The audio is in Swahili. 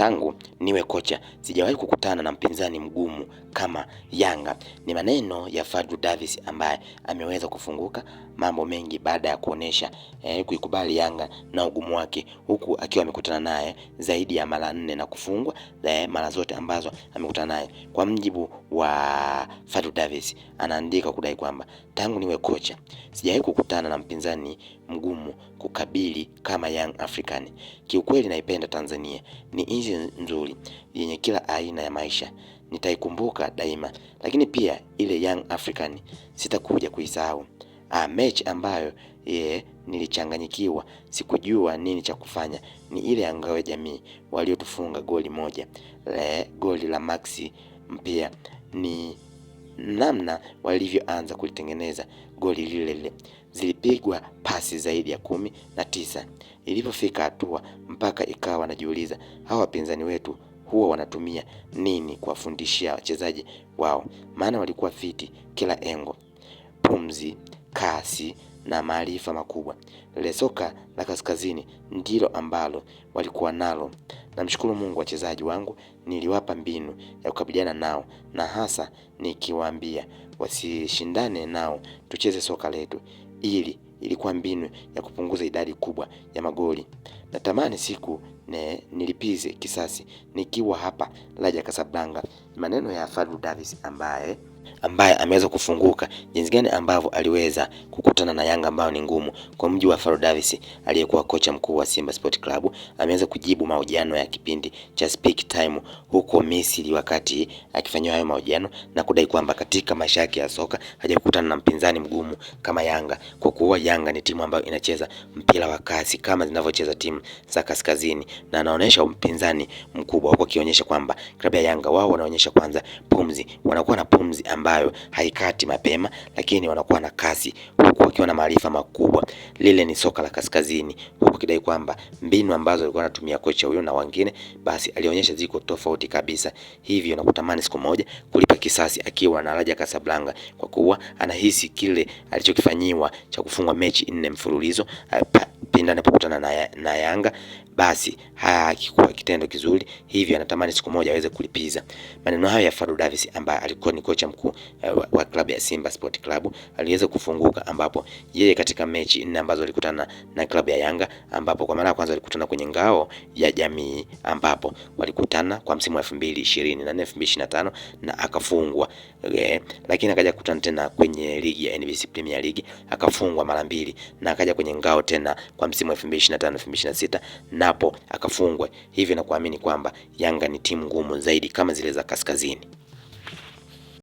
tangu niwe kocha sijawahi kukutana na mpinzani mgumu kama Yanga. Ni maneno ya Fadlu Davis ambaye ameweza kufunguka mambo mengi baada ya kuonesha eh, kuikubali Yanga na ugumu wake, huku akiwa amekutana naye zaidi ya mara nne na kufungwa eh, mara zote ambazo amekutana naye. Kwa mjibu wa Fadlu Davis, anaandika kudai kwamba tangu niwe kocha sijawahi kukutana na mpinzani mgumu kukabili kama Young African. Kiukweli naipenda Tanzania, ni nchi nzuri yenye kila aina ya maisha nitaikumbuka daima, lakini pia ile Young African sitakuja kuisahau. Ah, mechi ambayo ye, nilichanganyikiwa, sikujua nini cha kufanya ni ile ya ngao ya jamii waliotufunga goli moja le, goli la Maxi Mpia ni namna walivyoanza kulitengeneza goli lile lile, zilipigwa pasi zaidi ya kumi na tisa ilivyofika hatua mpaka ikawa najiuliza hawa wapinzani wetu huwa wanatumia nini kuwafundishia wachezaji wao, maana walikuwa fiti kila engo, pumzi, kasi na maarifa makubwa. Lile soka la kaskazini ndilo ambalo walikuwa nalo. Namshukuru Mungu, wachezaji wangu niliwapa mbinu ya kukabiliana nao, na hasa nikiwaambia wasishindane nao, tucheze soka letu, ili ilikuwa mbinu ya kupunguza idadi kubwa ya magoli. Natamani siku ne, nilipize kisasi nikiwa hapa Raja Casablanca. Maneno ya Fadlu Davis ambaye ambaye ameweza kufunguka jinsi gani ambavyo aliweza kukutana na Yanga ambayo ni ngumu. Kwa mji wa Faro Davis aliyekuwa kocha mkuu wa Simba Sport Club ameweza kujibu mahojiano ya kipindi cha Speak Time huko Misri, wakati akifanyiwa hayo mahojiano na kudai kwamba katika maisha yake ya soka hajakutana na mpinzani mgumu kama Yanga, kwa kuwa Yanga ni timu ambayo inacheza mpira wa kasi kama zinavyocheza timu za kaskazini, na anaonyesha mpinzani mkubwa huko, akionyesha kwamba klabu ya Yanga wao wanaonyesha kwanza pumzi, wanakuwa na pumzi ambayo haikati mapema, lakini wanakuwa na kasi huku wakiwa na maarifa makubwa. Lile ni soka la kaskazini, huku akidai kwamba mbinu ambazo alikuwa anatumia kocha huyo na wengine, basi alionyesha ziko tofauti kabisa, hivyo nakutamani siku moja kulipa kisasi akiwa na Raja Casablanca, kwa kuwa anahisi kile alichokifanyiwa cha kufungwa mechi nne mfululizo eh, pindi anapokutana na Yanga basi haya hakikuwa kitendo kizuri, hivyo anatamani siku moja aweze kulipiza. Maneno hayo ya Fadlu Davis ambaye alikuwa ni kocha mkuu eh, wa, wa klabu ya Simba Sport Club aliweza kufunguka, ambapo yeye katika mechi nne ambazo alikutana na klabu ya Yanga, ambapo kwa mara ya kwanza alikutana kwenye ngao ya jamii, ambapo walikutana kwa msimu wa 2024 2025 na akafungwa okay. Eh, lakini akaja kukutana tena kwenye ligi ya NBC Premier League akafungwa mara mbili, na akaja kwenye ngao tena kwa msimu wa 2025 2026 na hapo akafungwe hivi, na kuamini kwamba Yanga ni timu ngumu zaidi kama zile za kaskazini.